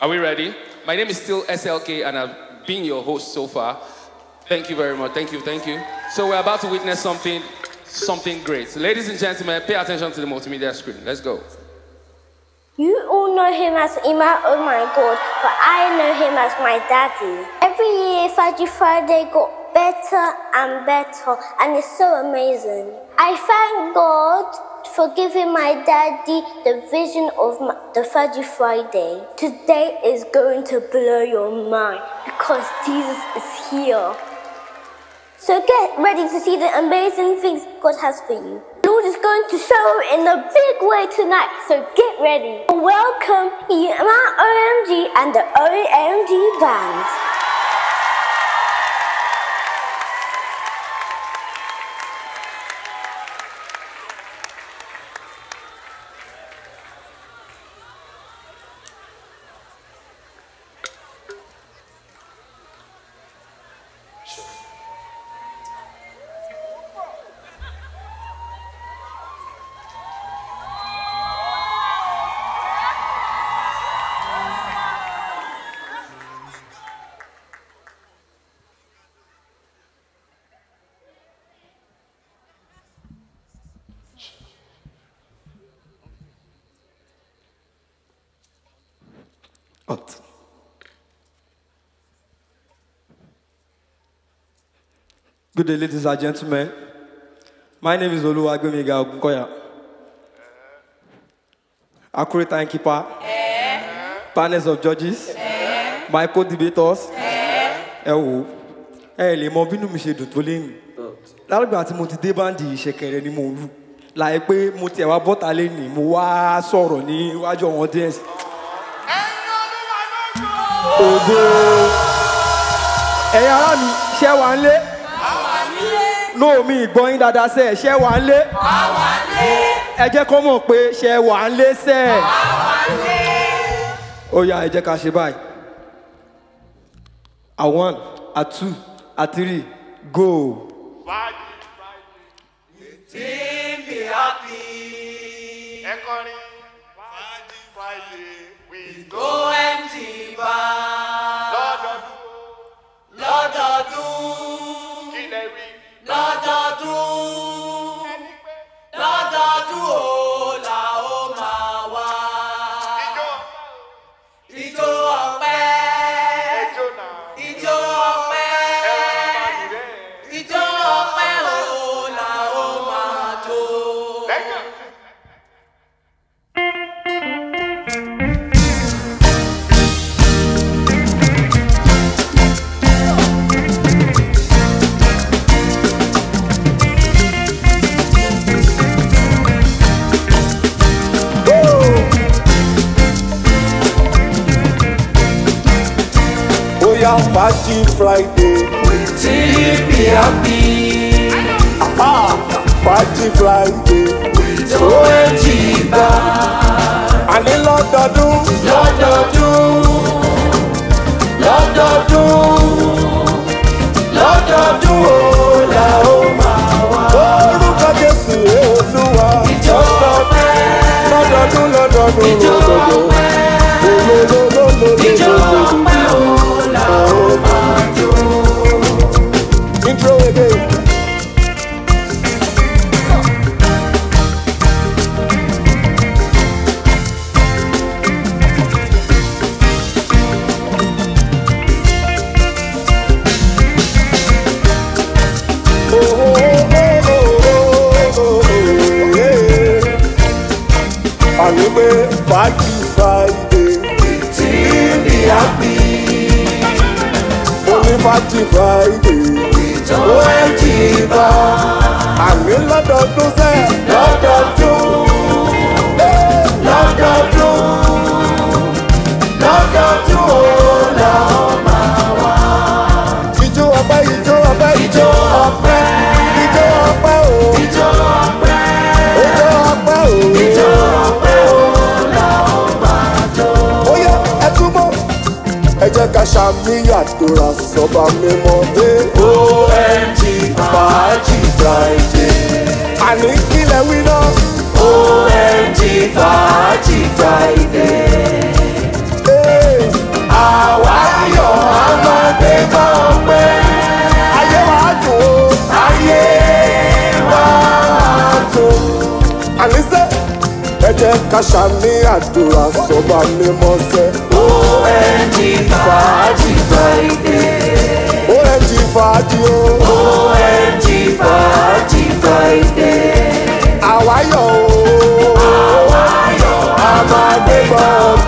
Are we ready? My name is still SLK and I've been your host so far. Thank you very much. Thank you. Thank you. So we're about to witness something, something great. ladies and gentlemen, pay attention to the multimedia screen. Let's go. You all know him as Ima, oh my god, but I know him as my daddy. Every year, Fudgy Friday got better and better, and it's so amazing. I thank God for giving my daddy the vision of my, the Fudgy Friday. Today is going to blow your mind because Jesus is here. So get ready to see the amazing things God has for you. The Lord is going to show in a big way tonight, so get ready. Welcome, my OMG and the OMG band. at Good day, ladies and gentlemen. My name is Oluwagbemiga Ogunkoya. Accurate timekeeper. Eh. Panels of judges. Eh. My co-debaters. Ẹ wò ẹ lè mọ bínú mi ṣe dùn tó lẹ́yìn. Lálùgbà tí mo ti dé báńdì ìṣẹ̀kẹ̀rẹ̀ ni mo lù. Láì pé mo tiẹ̀ wá bọ́ta lẹ́yìn mo wá sọ̀rọ̀ ní iwájú díẹ̀ sí ògo ẹ̀yin ará mi ṣẹ́ wà ń lé lóòmí ìgbọ́n yín dáadáa sẹ́ ẹ̀ ṣẹ́ wà ń lé ẹ jẹ́ kó mọ̀ pé ṣẹ́ wà ń lé sẹ́ ẹ̀ ó yá ẹ jẹ́ ká ṣe báyìí a one a two a three go. Fàájì. Fàájì. happy. we go and deeper. Lord Lord Adu. Lord Royal Party Friday. Wetin be happy. Ah, Party Friday. Tó ẹjì gbà. Àní lọ́dọọdún. Lọ́dọọdún. Lọ́dọọdún. Lọ́dọọdún o là ó máa wá. Orúkọ Jésù Olúwa. Ìjọba ọ̀pẹ. Lọ́dọọdún lọ́dọọdún. Ìjọba ọ̀pẹ. gbẹgbẹgbẹ. àwípé fàájì fàájì tí ní àbí onífàájì fàájì tó ẹ̀jì bá. àmì lọ́dọọdún sẹ́. lọ́dọọdún lọ́dọọdún lọ́dọọdún ó là ó máa wá. ijó ọpẹ́ ijó ọpẹ́ ijó ọpẹ́ ijó ọpẹ́ o ijó ọpẹ́ ijó ọpẹ́ o ijó ọpẹ́ ó là ó máa jó. ó yẹ ẹ túbọ̀ ẹ jẹ́ ká ṣàmì àdúrà sọ́ba mímọ́ dé. àní kílẹ̀ wí náà. OMG Fàájì Friday. àwa yọ̀ á máa dé máa pẹ́. ayé wa jò ó. ayé wa tó. àníṣe ẹ jẹ́ ká ṣàmì àdúrà sọ́ba mímọ́ sẹ́.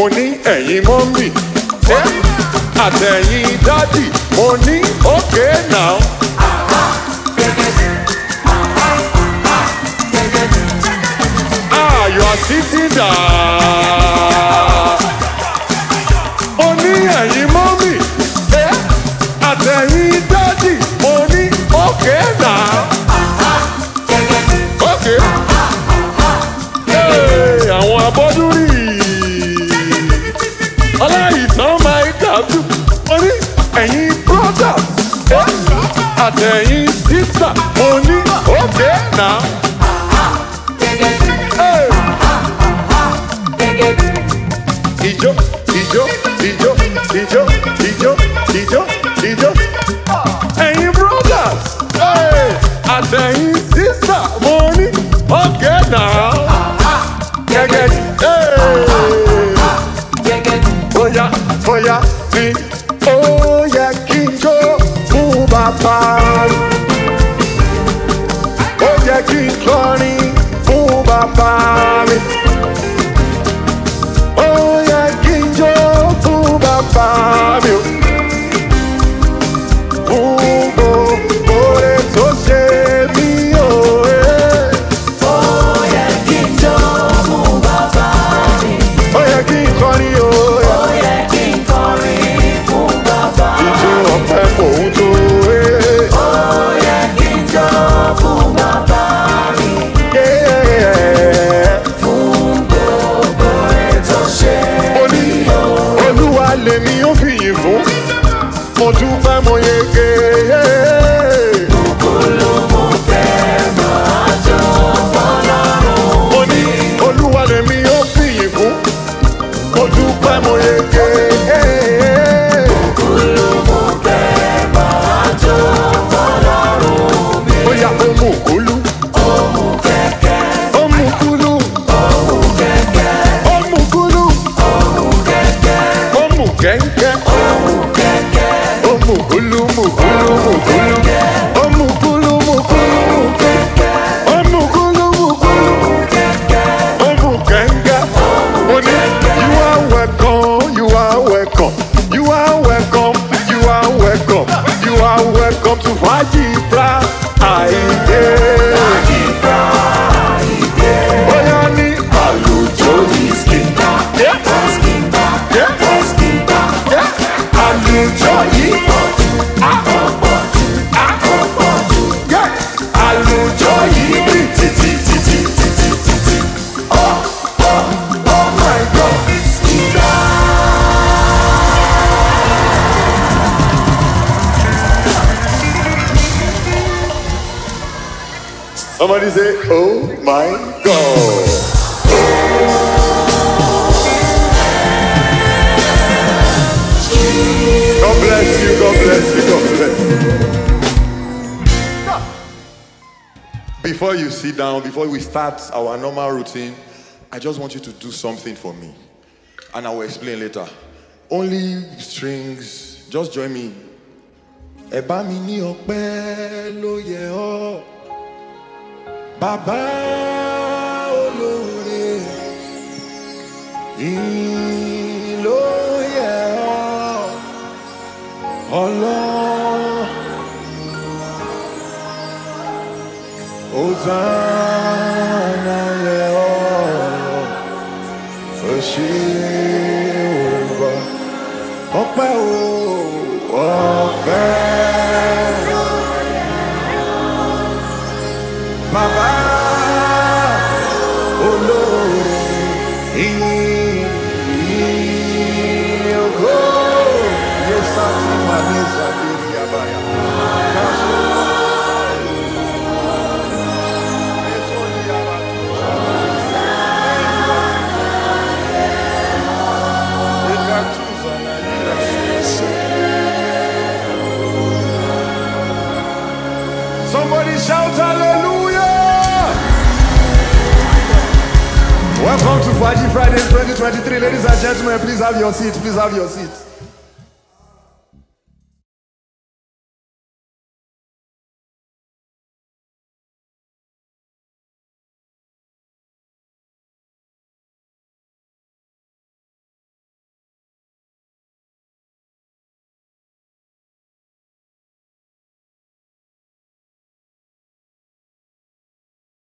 mo ní ẹ̀yin mọ́mì àtẹ̀yìn dádì mo ní òkè náà. ayọ̀ àti dídà ó ní ẹ̀yin Somebody say, oh my God. God bless you, God bless you, God bless you. Before you sit down, before we start our normal routine, I just want you to do something for me. And I will explain later. Only strings, just join me. Ẹ̀bá mi ní ọpẹ́ ló yẹ ọ́. Baba olóore ìlò yẹ ọ́ ọlọ́ òzánà yẹ ọ́ Babá Ladies and gentlemen, Please have your seats, please have your seats.